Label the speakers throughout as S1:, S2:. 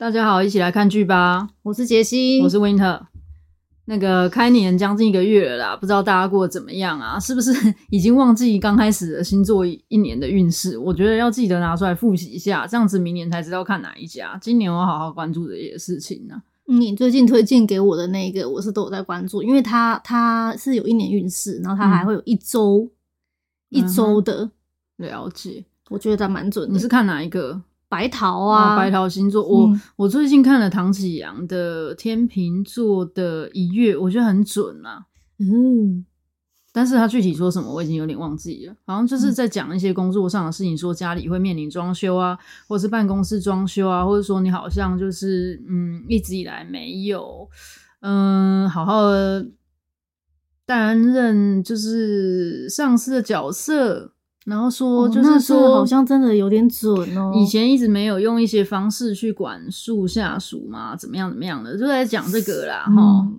S1: 大家好，一起來看劇吧！我是傑西，我是溫特。那個開年將近一個月了啦，不知道大家過得怎麼樣啊？是不是已經忘記剛開始的星座一年的運勢？我覺得要記得拿出來複習一下，這樣子明年才知道看哪一家。今年我好好關注這件事情呢、啊
S2: 嗯。你最近推薦給我的那個，我是都有在關注，因為他他是有一年運勢，然後他還會有一周、嗯、一
S1: 周的、嗯、了解。我覺得他蠻準的。你是看哪一個？白桃啊，啊，白桃星座，嗯、我我最近看了唐綺陽的天秤座的一月，我覺得很準啊。嗯，但是他具體說什麼我已經有點忘記了，好像就是在講一些工作上的事情，說家裡會面臨裝修、啊嗯、修啊，或是辦公室裝修啊，或者說你好像就是嗯，一直以來沒有嗯、呃，好好的擔任就是上司的角色。然後說，就是說，好像真的有點準哦。以前一直沒有用一些方式去管束下屬嘛，怎麼樣怎麼樣的，就在講這個啦哈。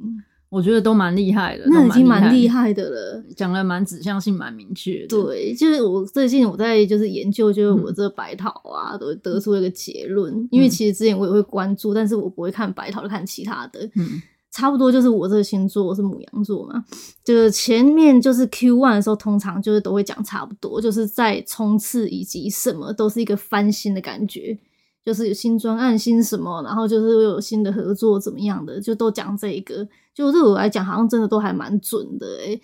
S1: 嗯、我覺得都蠻厲害的，害那已經蠻厲害的了，講的蠻指向性，蠻明確的。對，
S2: 就是我最近我在就是研究，就是我這白桃啊，嗯、都得出一個結論。因為其實之前我也會關注，但是我不會看白桃，看其他的。嗯。差不多就是我這個星座是牡羊座嘛，就是前面就是 Q one 的時候，通常就是都會講差不多，就是在衝刺以及什麼都是一個翻新的感覺，就是有新專案新什麼，然後就是又有新的合作怎麼樣的，就都講這一個。就對我，我來講，好像真的都還蠻準的、欸。誒，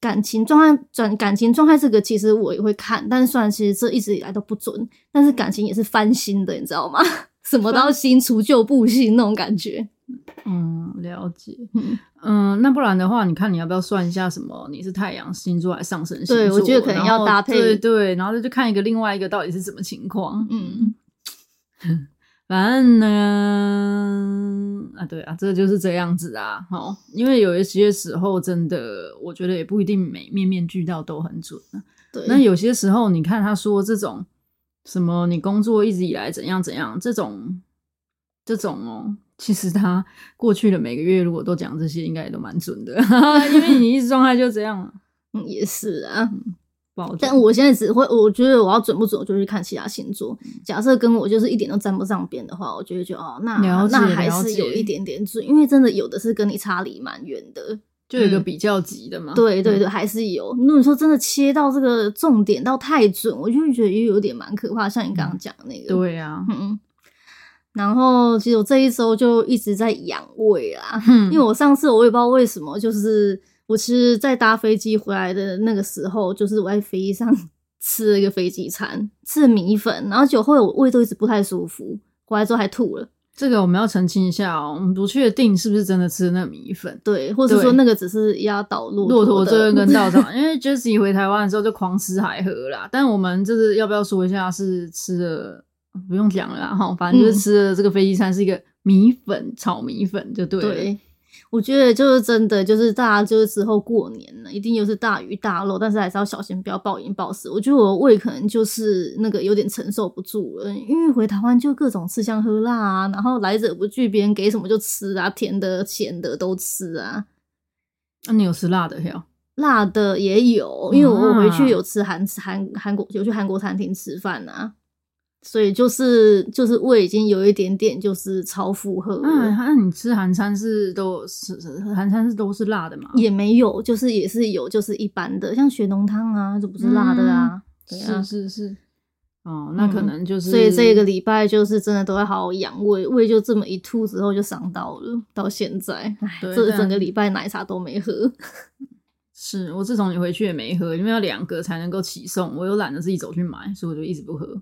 S2: 感情狀態轉感情狀態這個，其實我也會看，但是算其實這一直以來都不準。但是感情也是翻新的，你知道嗎？ 什麼都要新除舊布新 那種感覺。
S1: 嗯，了解。嗯，那不然的話，你看你要不要算一下什麼？你是太陽星座還是上升星座？對，我覺得可能要搭配。對對，然後再就看一個另外一個到底是什麼情況。嗯， 反正呢，啊對啊，這就是這樣子啊。好，因為有一些時候真的，我覺得也不一定每面面俱到都很準。對。那有些時候，你看他說這種什麼，你工作一直以來怎樣怎樣這種，這種哦、喔。其實他過去的每個月，如果都講這些，應該也都蠻準的， 因為你一直狀態就這樣、啊。嗯，也是啊、嗯，不好。
S2: 但我現在只會，我覺得我要準不準，我就去看其他星座。嗯、假設跟我就是一點都沾不上邊的話，我覺得哦、啊，那那還是有一點點準，因為真的有的是跟你差離蠻
S1: 遠的，就有一個比較級的嘛。嗯、對對對，還是有。
S2: 那你說真的切到這個重點到太準，我就覺得也有點蠻可怕，像你剛剛講的那個。對呀，嗯。然後其實我這一周就一直在養胃啦，嗯、因為我上次我也不知道為什麼，就是我其實在搭飛機回來的那個時候，就是我在飛機上吃了一個飛機餐，吃了米粉，然後就後來我胃都一直不太舒服，
S1: 回來之後還吐了。這個我們要澄清一下哦，我們不確定是不是真的吃那個米粉，對，或是說對那個只是壓倒駱駝最一根稻草。 因為 Jessie 回台灣的時候就狂吃海喝啦，但我們就是要不要說一下是吃了？不用講了，反正就是吃了這個飛機餐，是一個米粉炒，嗯、米粉就對了。對，我覺得就是
S2: 真的，就是大家就是之後過年呢，一定又是大魚大肉，但是還是要小心，不要暴飲暴食。我覺得我胃可能就是那個有點承受不住了，因為回台灣就各種吃香喝辣啊，然後來者不拒，別人給什麼就吃啊，甜的鹹的、的都吃啊。那
S1: 你有吃辣的沒有？
S2: 辣的也有，嗯啊、因為我回去有吃韓韓韓國有去韓國餐廳吃飯啊。所以就是就是胃已經有一點點就是超負荷。嗯，那、啊、你吃韓餐是都是韓餐是都是辣的嗎？也沒有，就是也是有，就是一般的，像雪濃湯啊，就不是辣的啊。嗯、對啊，是是是。
S1: 哦，那可能就是。嗯、所以這個
S2: 禮拜就是真的都要好好養胃，胃就這麼一吐之後就傷到了，到現在，對唉，這整個禮拜
S1: 奶茶都沒喝。是，是我自從你回去也沒喝，因為要兩個才能夠起送，我又懶得自己走去買，所以我就一直不喝。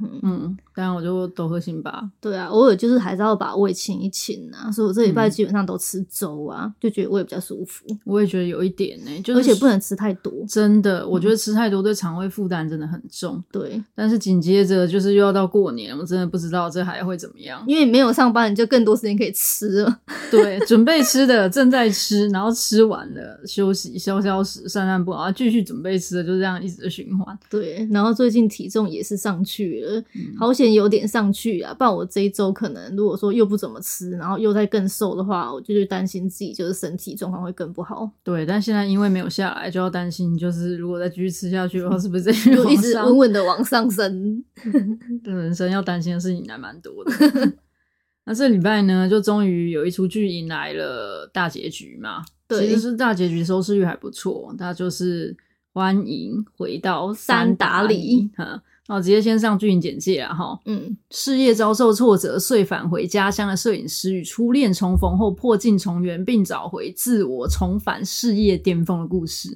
S1: 嗯，當然我就都喝辛巴。
S2: 對啊，偶爾就是還是要把胃清一清啊，所以我這禮拜基本上都吃粥啊，嗯、就覺得
S1: 胃比較舒服。我也覺得有一點呢、欸，就是，而且不能吃太多。真的，我覺得吃太多對腸胃負擔真的很重。嗯、對，但是緊接着就是又要到過年，我真的不知道這還會怎麼樣。因為沒有上班，
S2: 你就更多時間可以吃了。 對，準
S1: 備吃的，正在吃，然後吃完了休息消消食，散散步啊，然後繼續準備吃的，就這樣一直循環。對，然後最近體重也是上去了。嗯、好險有點上去啊！不然我
S2: 這一周可能，如果說又不怎麼吃，然後又再更瘦的話，我就擔心自己就是身體
S1: 狀況會更不好。對，但現在因為沒有下來，就要擔心，就是如果再繼續吃下去，我是不是就一直穩穩的往上升？ 對人生要擔心的事情還蠻多的。 那這禮拜呢，就終於有一出劇迎來了大結局嘛？對其實就是大結局收視率還不錯，那就是歡迎回到三達裡。哦，直接先上劇情簡介啦，哈，嗯，事業遭受挫折，遂返回家鄉的攝影師與初戀重逢後破鏡重圓，並找回自我，重返事業巔峰的故事。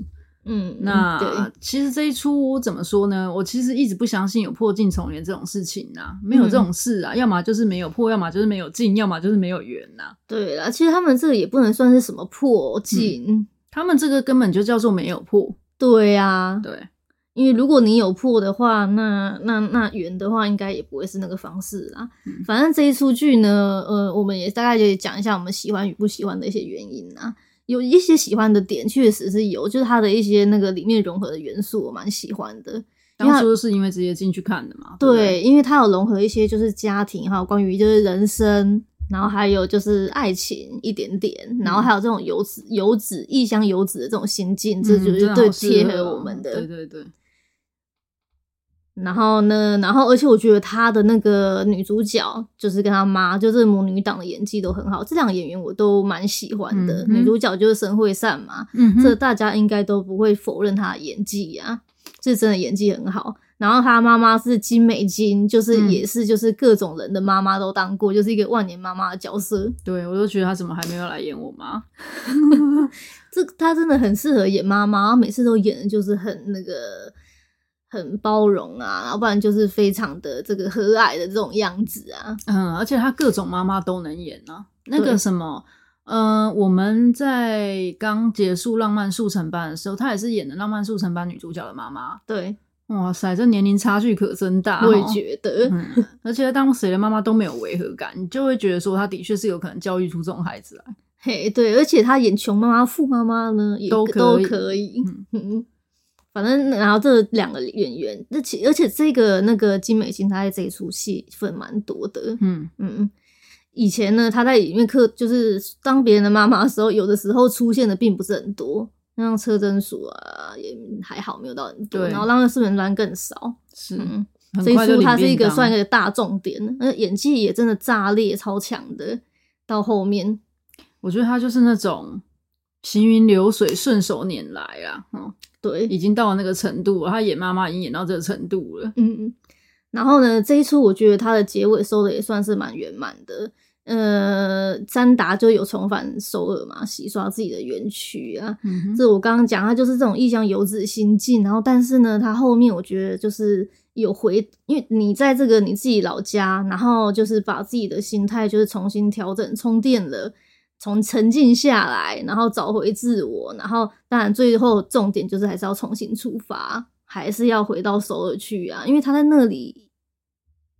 S1: 嗯，那對其實這一出我怎麼說呢？我其實一直不相信有破鏡重圓這種事情吶、啊，沒有這種事啊，嗯、要麼就是沒有破，要麼就是沒有鏡，要麼就是沒有緣吶、啊。
S2: 對啊，其實他們這個也不能算是什麼破鏡、嗯，他們這個根本就叫做沒有破。對呀、啊，對。因為如果你有破的話，那那那圓的話，應該也不會是那個方式啦。嗯、反正這一出劇呢，呃，我們也大概就講一下我們喜歡與不喜歡的一些原因啊。有一些喜歡的點確實是有，就是它的一些那個裡面融合的元素，我蠻喜歡
S1: 的。當初是因為直接進去看的嘛？
S2: 對，因為它有融合一些就是家庭哈，關於就是人生，然後還有就是愛情一點點，然後還有這種游子游子異鄉游子的這種心境，這就是最貼合我們的。嗯的啊、對對對。然後呢？然後，而且我覺得他的那個女主角就是跟他媽，就是母女檔的演技都很好。這兩個演員我都蠻喜歡的。嗯、哼女主角就是沈慧善嘛，嗯、哼這大家應該都不會否認她的演技呀，這真的演技很好。然後她媽媽是金美京就是也是就是各種人的媽媽都當過，嗯、就是一個萬年媽媽的角色。對，我都覺得她怎麼還沒有來演我媽？ 這她真的很適合演媽媽，然後每次都演的就是很那個。很包容啊，要不然就是非常的這個和藹的這種樣子啊。
S1: 嗯，而且她各種媽媽都能演呢、啊。那個什麼，嗯對、呃，我們在剛結束《浪漫速成班》的時候，她也是演的《浪漫速成班》女主角的媽媽。對，哇塞，這年齡差距可真大。我也覺得，嗯、而且當誰的媽媽都沒有違和感， 你就會覺得說她的確是有可能教育出這種孩子來。嘿，對，而且她演窮
S2: 媽媽、富媽媽呢，也都可都可以。嗯哼。 反正，然後這兩個演員，那其而且這個那個金美京，她在這一出戲份蠻多的。嗯嗯，以前呢，她在裡面客，就是當別人的媽媽的時候，有的時候出現的並不是很多，那像車貞淑啊，也還好，沒有到很多。對然後讓那四人頻更少，是，所以說他是一個算一個大重點，演技也
S1: 真的炸裂，超強的。到後面，我覺得他就是那種行雲流水，順手拈來啊。嗯對，已經到了那個程度了。他演媽媽已經演到這個程度了。嗯，
S2: 然後呢，這一出我覺得他的結尾收的也算是蠻圓滿的。呃，三達就有重返首爾嘛，洗刷自己的冤屈啊。嗯、哼這我剛剛講，他就是這種異鄉遊子心境。然後，但是呢，他後面我覺得就是有回，因為你在這個你自己老家，然後就是把自己的心態就是重新調整、充電了。從沉靜下來，然後找回自我，然後當然最後重點就是還是要重新出發，還是要回到首爾去啊，因為他在那裡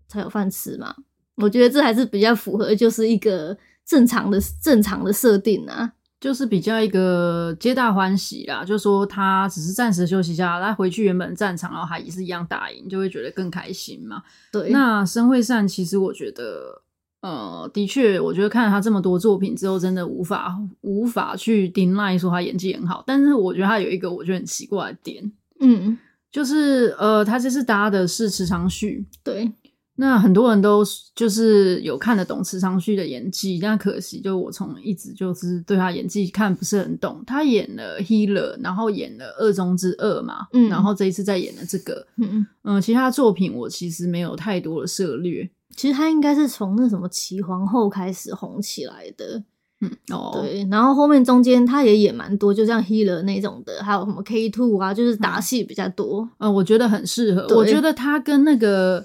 S2: 才有飯吃嘛。我覺得這還是比較符合，就是一個正常的正常的設定啊，
S1: 就是比較一個皆大歡喜啦。就說他只是暫時休息一下，他回去原本的戰場，然後他也是一樣打贏，就會覺得更開心嘛。對，那申惠善其實我覺得。呃，的確，我覺得看了他這麼多作品之後，真的無法無法去 deny 說他演技很好。但是我覺得他有一個我覺得很奇怪的點，嗯，就是呃，他這次搭的是池昌旭，對，那很多人都就是有看得懂池昌旭的演技，但可惜就我從一直就是對他演技看不是很懂。他演了 Healer，然後演了二中之二嘛，嗯，然後這一次再演了這個，嗯嗯、呃，其他作品我其實沒有太多的涉獵。其實他應該是從
S2: 那什麼奇皇后開始紅起來的，嗯哦，對，然後後面中間他也演蠻多，就像 Healer 那種的，還有什麼 K Two 啊，就是打戲比較多。嗯、呃，我覺
S1: 得很適合，對我覺得他跟那個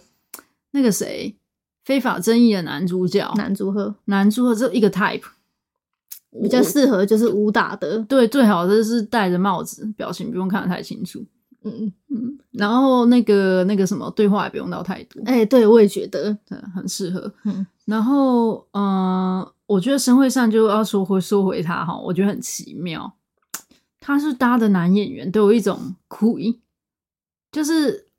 S1: 那個誰《非法爭議的男主角、男主和男主和這一個 type 比較適合，就是武打的。對，最好的就是戴着帽子，表情不用看得太清楚。嗯嗯嗯，然後那個那個什麼對話也不用到太多，哎、欸，對，我也覺得，對，很適合。嗯、然後，嗯、呃，我覺得生會上就要說回說回他哈，我覺得很奇妙，他是搭的男演員，都有一種哭音，就是。.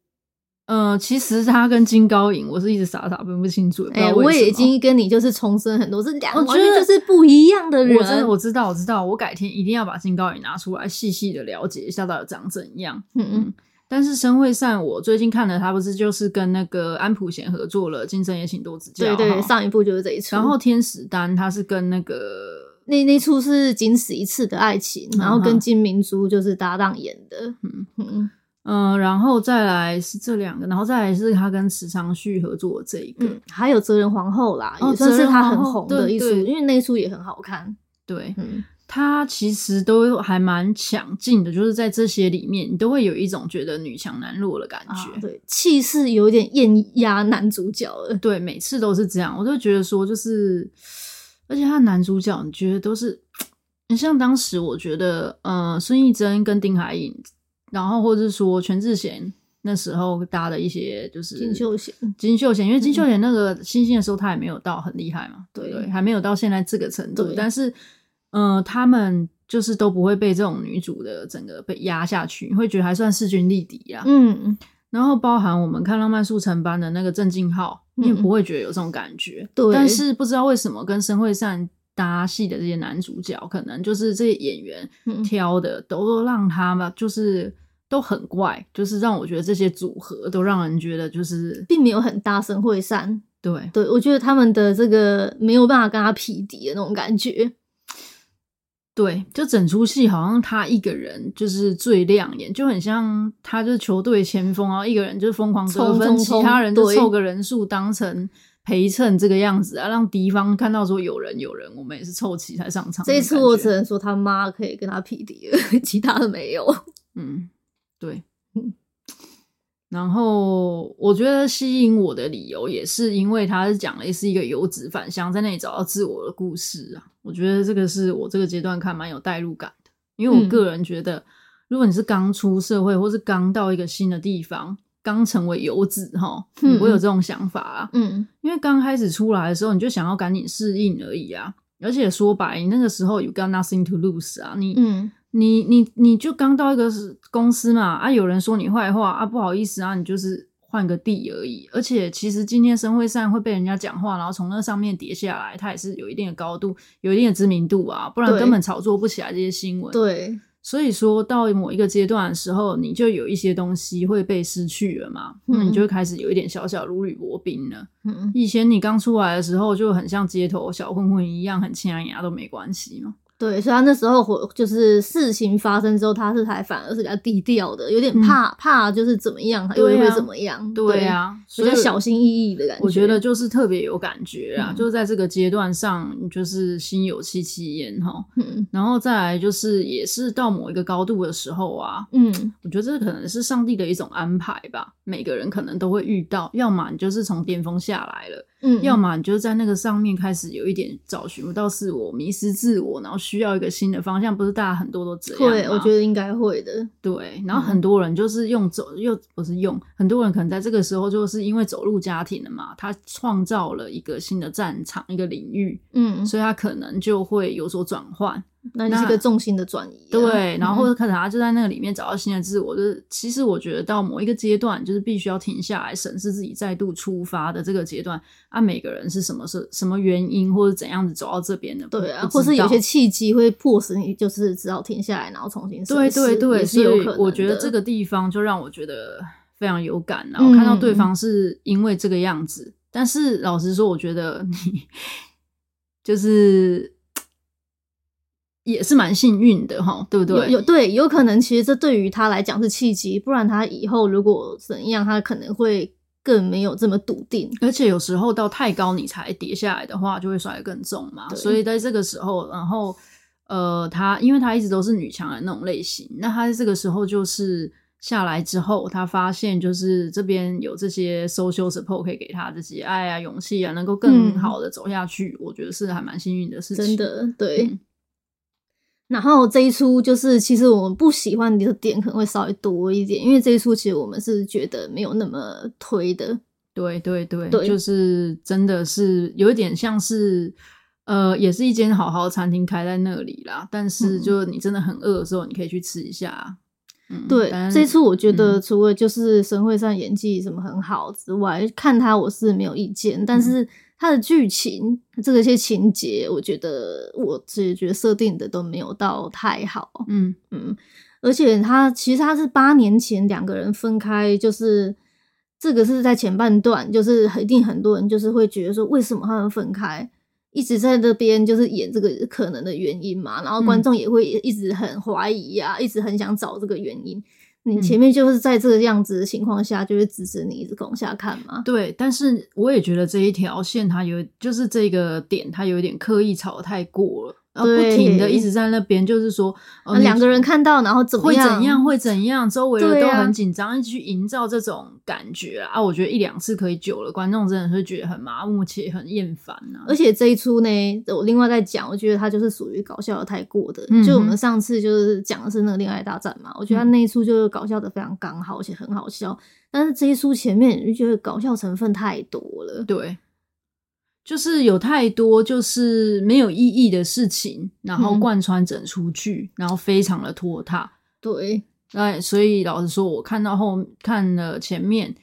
S1: 呃，其實他跟金高銀，我是一直傻傻分不清楚。哎、欸，我也已經
S2: 跟你就是重申很多，是兩個我覺得就是不一
S1: 樣的人。我真的我知道，我知道，我改天一定要把金高銀拿出來細細的了解一下，到底長怎樣。嗯嗯。但是申惠善我最近看了他，不是就是跟那個安普賢合作了《今生也請多指教》。對，對對，好上一部就是這一出。然後天使丹，他是跟那個那那出是僅此一次的愛情，然後跟金
S2: 明珠就是搭檔演的。嗯哼。嗯
S1: 嗯，然後再來是這兩個，然後再來是他跟池昌旭合作的這一個，嗯、還有《哲人皇後》啦，哦、也算是他很紅的一出，哦、對
S2: 對，因為那出也很好看。
S1: 對，嗯、他其實都還蠻強勁的，就是在這些裡面，你都會有一種覺得女強男弱的感覺，啊、對，氣勢有點艷壓男主角了。對，每次都是這樣，我都覺得說就是，而且他男主角，你覺得都是，你像當時我覺得，呃，孫藝珍跟丁海寅。然後，或者是說全智賢那時候搭的一些，就是金秀賢。金秀賢，因為金秀賢那個星星，星的時候，他也沒有到很厲害嘛，嗯、對，對還沒有到現在這個程度。對但是，嗯、呃，他們就是都不會被這種女主的整個被壓下去，會覺得還算勢均力敵啊。嗯嗯。然後，包含我們看《浪漫速成班》的那個鄭敬浩，你也、嗯、不會覺得有這種感覺。嗯、對。但是不知道為什麼，跟申惠善搭戲的這些男主角，可能就是這些演員挑的都，都讓他們就是。都很怪，就是讓我覺得這些組合都讓人覺得就是並沒有很大聲會散。對，對我覺得他們的這個沒有辦法跟他匹敵的那種感覺。對，就整出戲好像他一個人就是最亮眼，就很像他就是球隊前鋒啊，然後一個人就是瘋狂得分，衝衝衝，其他人都湊個人數當成陪襯這個樣子啊，對讓敵方看到說，有人有人，我們也是湊齊才上場。這一次我只能說他媽可以跟他匹敵了，其他的沒有。嗯。對， 然後我覺得吸引我的理由也是因為他講的是一個遊子返鄉，在那裡找到自我的故事啊。我覺得這個是我這個階段看蠻有代入感的，因為我個人覺得，嗯、如果你是剛出社會，或是剛到一個新的地方，剛成為遊子，哈，會有這種想法啊。嗯，因為剛開始出來的時候，你就想要趕緊適應而已啊。而且說白，你那個時候 you got nothing to lose 啊，你。嗯你你你就剛到一個公司嘛啊，有人說你壞話啊，不好意思啊，你就是換個地而已。而且其實今天生會上會被人家講話，然後從那上面跌下來，它也是有一定的高度，有一定的知名度啊，不然根本炒作不起來這些新聞。對，所以說到某一個階段的時候，你就有一些東西會被失去了嘛，那，嗯，你就會開始有一點小小如履薄冰了。嗯，以前你剛出來的時候就很像街頭小混混一樣，很欠人牙都沒關係嘛。
S2: 對，所以他那時候火，就是事情發生之後，他是還反而是比較低調的，有點怕、嗯、怕，就是怎麼
S1: 樣，他、啊、又會怎麼樣？對呀，比較小心翼翼的感覺。我覺得就是特別有感覺啊，嗯、就在這個階段上，就是心有戚戚焉哈、哦。嗯，然後再來就是也是到某一個高度的時候啊，嗯，我覺得這可能是上帝的一種安排吧。每個人可能都會遇到，嗯、要麼你就是從巔峰下來了。嗯，要嘛你就在那個上面開始有一點找尋不到自我，迷失自我，然後需要一個新的方向。不是大家很多都這樣？對，我覺得應該會的。對，然後很多人就是用走，嗯、又不是用，很多人可能在這個時候就是因為走入家庭了嘛，他創造了一個新的戰場，一個領域，嗯，所以他可能就會有所轉換。那你是一個重心的轉移、啊，對，然後可能他就在那個裡面找到新的自我。就其實我覺得到某一個階段，就是必須要停下來審視自己，再度出發的這個階段啊，每個人是什麼是什麼原因或者怎樣子走到這邊的？對啊，不或是有些契
S2: 機會迫使你，就是只好停下來，然後重新審視。對對對，是有可能。所以我覺得這個
S1: 地方就讓我覺得非常有感，然後看到對方是因為這個樣子，嗯、但是老實說，我覺得你就是。也是蠻幸運的哈，對不對？有，有
S2: 對，有可能，其實這對於他來講是契機，不然他以後如果
S1: 怎樣，他可能會更沒有這麼篤定。而且有時候到太高你才跌下來的話，就會摔得更重嘛。對所以在這個時候，然後呃，他因為他一直都是女強人那種類型，那他在這個時候就是下來之後，他發現就是這邊有這些 social support 可以給他自己愛啊、勇氣啊，能夠更好的走下去。嗯、我覺得是還蠻幸運的事情。真的，對。嗯然後
S2: 這一出就是，其實我們不喜歡的點可能會稍微多一點，因為這一出其實我們是覺得沒有那麼推的。
S1: 對對對，對就是真的是有一點像是，呃，也是一間好好的餐廳開在那裡啦。但是，就你真的很餓的時候，你可以去吃一下。嗯嗯、對，但這一出我覺得
S2: 除了就是神會上演技什麼很好之外，嗯、看他我是沒有意見，但是。他的劇情，這個些情節，我覺得我自己覺得設定的都沒有到太好，嗯嗯，而且他其實他是八年前兩個人分開，就是這個是在前半段，就是一定很多人就是會覺得說，為什麼他們分開，一直在那邊就是演這個可能的原因嘛，然後觀眾也會一直很懷疑呀、啊，嗯、一直很想找這個原因。你前面就是在這個樣子的情況下，就會支持你一直往下看嗎？
S1: 嗯、對，但是我也覺得這一條線它有，就是這個點它有點刻意炒得太過了。呃、哦、不停的一直在那邊，對就是說、哦、兩個人看到，然後怎麼樣會怎樣會怎樣，周圍人都很緊張，一直、啊、去營造這種感覺啊。我覺得一兩次可以，久了觀眾真的是覺得很麻木且很厭煩啊。而
S2: 且這一出呢，我另外在講，我覺得他就是屬於搞笑的太過的。嗯、就我們上次就是講的是那個戀愛大戰嘛，我覺得他那一出就是搞笑的非常剛好，而且很好笑。但是這一出前面就覺得搞笑成分太多了。對。就是
S1: 有太多就是沒有意義的事情，然後貫穿整出劇，嗯、然後非常的拖沓。對，哎，所以老實說，我看到後看了前面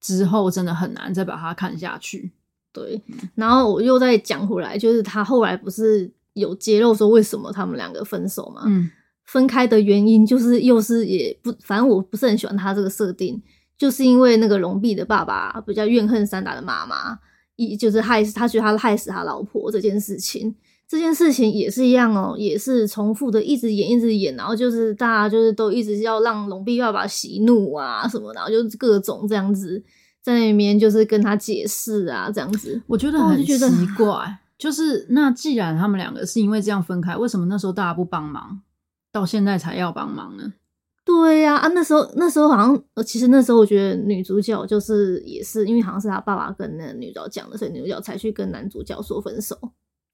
S1: 之後，真的很難再把它看下去。對，然後我
S2: 又再講回來，嗯、就是他後來不是有揭露說為什麼他們兩個分手嗎？嗯，分開的原因就是又是也不，反正我不是很喜歡他這個設定，就是因為那個龍臂的爸爸比較怨恨三達的媽媽。一就是害死他，他覺得他害死他老婆這件事情，這件事情也是一樣哦，也是重複的，一直演，一直演，然後就是大家就是都一直要讓龍必爸爸息怒啊什麼的，然後就是
S1: 各種這樣子在那邊就是跟他解釋啊這樣子，我覺得很奇怪， 就是那既然他們兩個是因為這樣分開，為什麼那時候大家不幫忙，到現在才要幫忙呢？
S2: 對呀，啊，啊，那時候那時候好像，其實那時候我覺得女主角就是也是因為好像是她爸爸跟那個女主角講的，所以女主角才去跟男主角說分手。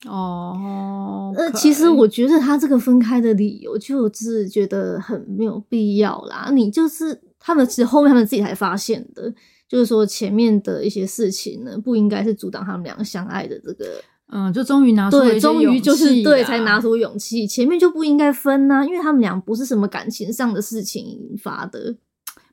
S2: 哦，呃，其實我覺得他這個分開的理由就是覺得很沒有必要啦。你就是他們，其實後面他們自己才發現的，就是說前面的一些事情呢，不應該是阻擋他們兩個相愛的
S1: 這個。嗯，就終
S2: 於拿出了勇氣，對，終於就是對，才拿出勇氣。前面就不應該分吶，啊，因為他們倆不是什麼感情上的事情引發的。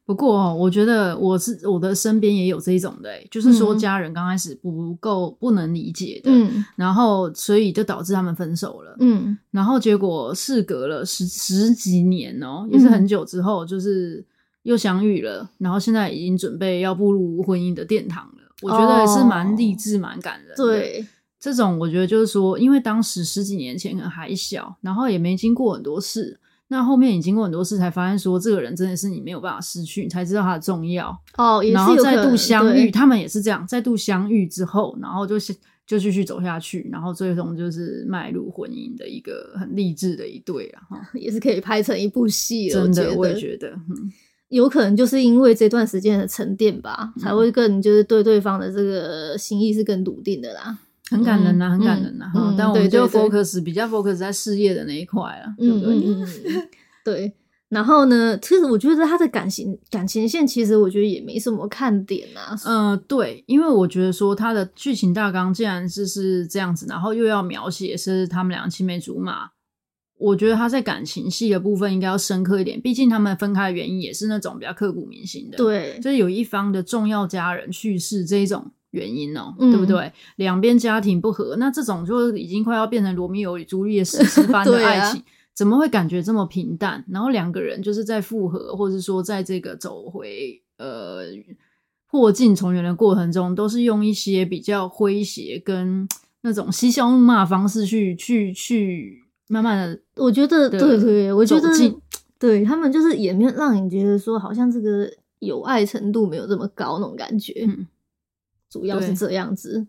S1: 不過，我覺得我是我的身邊也有這一種的、欸，就是說家人剛開始不夠不能理解的，嗯，然後所以就導致他們分手了。嗯，然後結果事隔了十十幾年哦，嗯，也是很久之後，就是又相遇了，嗯，然後現在已經準備要步入婚姻的殿堂了。哦，我覺得還是蠻勵志，蠻感人的。對。這種我覺得就是說，因為當時十幾年前可能還小，然後也沒經過很多事。那後面也經過很多事，才發現說這個人真的是你沒有辦法失去，你才知道他的重要哦。也是然後再度相遇，對他們也是這樣，再度相遇之後，然後就就繼續走下去，然後最終就是邁入婚姻的一個很勵志的一對啊，哈、嗯，也是可
S2: 以拍成一部戲，真的，我也覺得，嗯、有可能就是因為這段時間的沉澱吧，才會更就是對對方的這個心意是更篤定的啦。
S1: 很感人吶、啊，嗯、很感人吶！哈，focus, 對，對，對，就 focus
S2: 比較 focus 在事業的那一塊啊，對不對，嗯嗯、對？然後呢，其、就、實、是、我覺得他的感情感情線，其實我覺得
S1: 也沒什麼看點啊。嗯，對，因為我覺得說他的劇情大綱既然是是這樣子，然後又要描寫是他們兩個青梅竹馬，我覺得他在感情戲的部分應該要深刻一點，畢竟他們分開的原因也是那種比較刻骨銘心的。對，就是有一方的重要家人去世這一種。原因哦、喔，嗯、對不對？兩邊家庭不和，那這種就已經快要變成羅密歐與朱麗葉史詩般的愛情， 啊、怎麼會感覺這麼平淡？然後兩個人就是在復合，或者說在這個走回呃破鏡重圓的過程中，都是用一些比較詼諧跟那種嬉笑怒罵的方式去去去慢慢的，的。我覺得
S2: 對對，我覺得對他們就是也沒有讓你覺得說好像這個有愛程度沒有這麼高那種感覺。嗯主要是這樣子，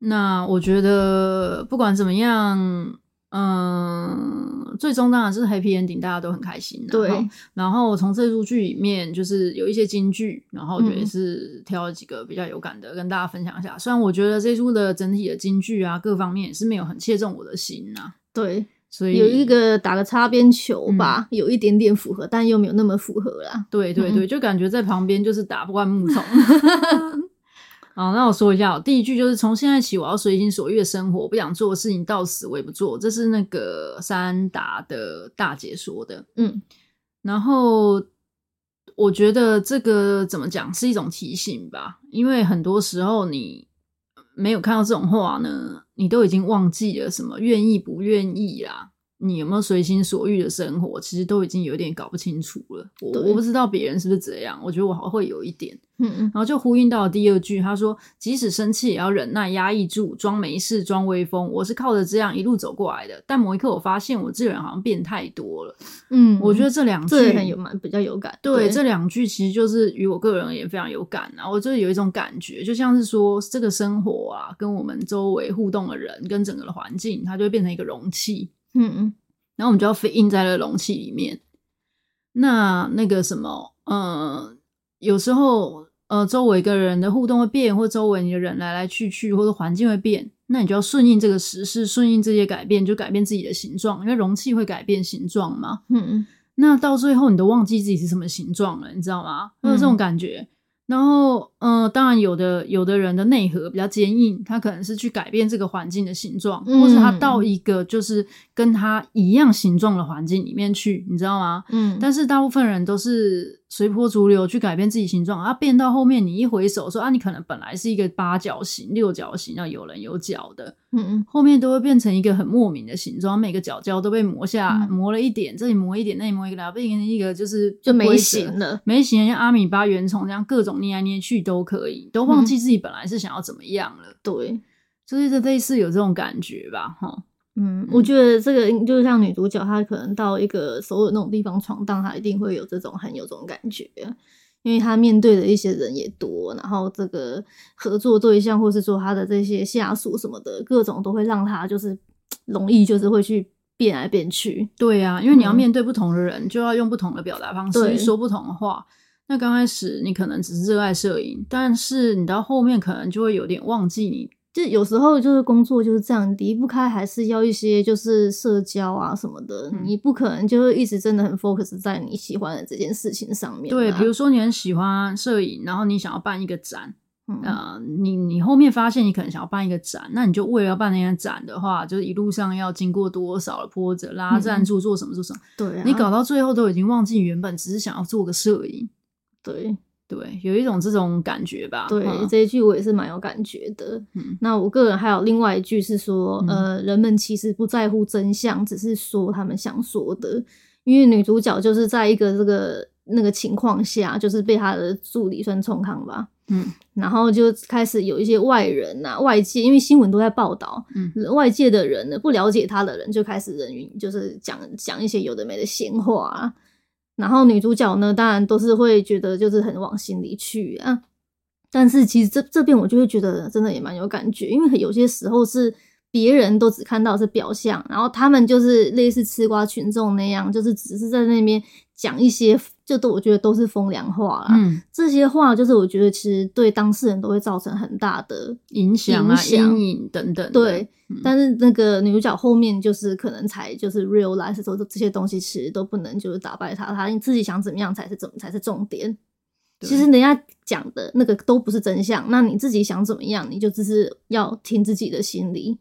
S1: 那我覺得不管怎麼樣，嗯，最終當然是 Happy Ending，大家都很開心。對，然後，然後從這出劇裡面，就是有一些金句，然後我覺得也是挑了幾個比較有感的，嗯、跟大家分享一下。雖然我覺得這出的整體的金句啊，各方面也是沒有很切中我的心吶、啊。對。所以，有一個
S2: 打個擦邊球吧，嗯、有一點點符合，但又沒有那麼符合啦。對對對，嗯、就
S1: 感覺在旁邊就是打不慣木叢。 好，那我說一下、喔，第一句就是從現在起，我要隨心所欲的生活，不想做的事情到死我也不做。這是那個三達的大姐說的。嗯，然後我覺得這個怎麼講是一種提醒吧，因為很多時候你。沒有看到這種話呢，你都已經忘記了什麼，願意不願意啦。你有沒有隨心所欲的生活？其實都已經有點搞不清楚了。我對我不知道別人是不是這樣，我覺得我好會有一點。嗯嗯，然後就呼應到了第二句，他說：“即使生氣也要忍耐，壓抑住，裝沒事，裝威風。”我是靠着這樣一路走過來的。但某一刻，我發現我這個人好像變太多了。
S2: 嗯，我覺得這兩句很有
S1: 蠻比較有感。對，對這兩句，其實就是與我個人也非常有感啊。我就有一種感覺，就像是說這個生活啊，跟我們周圍互動的人，跟整個的環境，它就會變成一個容器。嗯嗯，然後我們就要 fit in 在了容器裡面。那那個什麼，嗯、呃，有時候，呃，周圍個人的互動會變，或周圍你的人來來去去，或者環境會變，那你就要順應這個時勢，順應這些改變，就改變自己的形狀，因為容器會改變形狀嘛。嗯嗯，那到最後你都忘記自己是什麼形狀了，你知道嗎？有、就是、這種感覺。嗯然後，嗯、呃，當然有的有的人的內核比較堅硬，他可能是去改變這個環境的形狀，嗯、或是他到一個就是跟他一樣形狀的環境裡面去，你知道嗎？嗯，但是大部分人都是。隨波逐流去改變自己形狀，啊，變到後面你一回首說啊，你可能本來是一個八角形、六角形，要有稜有角的，嗯，後面都會變成一個很莫名的形狀，每個角角都被磨下，嗯、磨了一點，這裡磨一點，那裡磨一個，然後變成一個就是就沒形了，沒形，像阿米巴、原蟲這樣各種捏來捏去都可以，都忘記自己本來是想要怎麼樣了，嗯、對，就是類似有這種感覺吧，哈。嗯，我覺得這個就是像女主角，
S2: 嗯、她可能到一個所有那種地方闖蕩，她一定會有這種很有種感覺，因為她面對的一些人也多，然後這個合作對象或是說她的這些下屬什麼的，各種都會讓她就是容易就是會去變來變去。
S1: 對呀、啊，因為你要面對不同的人，嗯、就要用不同的表達方式，對說不同的話。那剛開始你可能只是熱愛攝影，但是你到後面可能就會有點忘記你。
S2: 就有時候就是工作就是這樣，離不開還是要一些就是社交啊什麼的。嗯、你不可能就是一直真的很 focus 在你喜歡的這件事情上面，啊。對，比如說
S1: 你很喜歡攝影，然後你想要辦一個展，啊、嗯呃，你你後面發現你可能想要辦一個展，那你就為了要辦那些展的話，嗯、就是一路上要經過多少的波折，拉贊助，做什麼做什麼。嗯、對、啊，你搞到最後都已經忘記原本只是想要做個攝影。對。對，有一種這種感覺吧。對、嗯、這一句我也是蠻有感覺的。嗯、那
S2: 我個人還有另外一句是說，嗯、呃，人們其實不在乎真相，只是說他們想說的。因為女主角就是在一個這個那個情況下，就是被她的助理算衝康吧。嗯，然後就開始有一些外人吶、啊、外界，因為新聞都在報道，嗯，外界的人呢，不了解他的人就開始人云，就是講講一些有的沒的閒話、啊。然後女主角呢，當然都是會覺得就是很往心裡去啊。但是其實這這邊我就會覺得真的也蠻有感覺，因為有些時候是別人都只看到是表象，然後他們就是類似吃瓜群衆那樣，就是只是在那邊講一些。這都我覺得都是風涼話啦，嗯、這些話就是我覺得其實對當事人都會造成很大的影響啊、陰影等等。對，嗯、但是那個女主角後面就是可能才就是 realize 說這些東西其實都不能就是打敗他，她你自己想怎麼樣才是怎麼才是重點。對，其實人家講的那個都不是真相，那你自己想怎麼樣，你就只是要
S1: 聽自己的心理。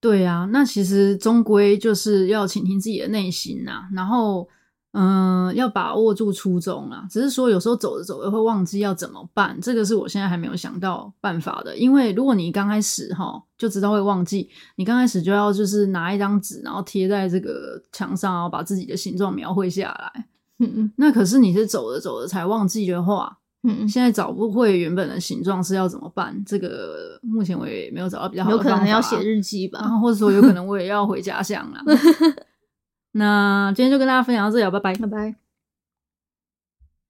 S1: 對啊，那其實終歸就是要傾聽自己的內心吶、啊，然後。嗯，要把握住初衷啦！只是說有時候走着走着會忘記要怎麼辦，這個是我現在還沒有想到辦法的。因為如果你剛開始哈就知道會忘記，你剛開始就要就是拿一張紙，然後貼在這個牆上，然後把自己的形狀描繪下來。嗯嗯。那可是你是走着走着才忘記的話，嗯，嗯現在找不回原本的形狀是要怎麼辦？這個目前我也沒有找到比較好的、啊、有可能要寫日記吧，然後或者說有可能我也要回家鄉了。 那今天就跟大家分享到這裡了，拜拜，拜拜。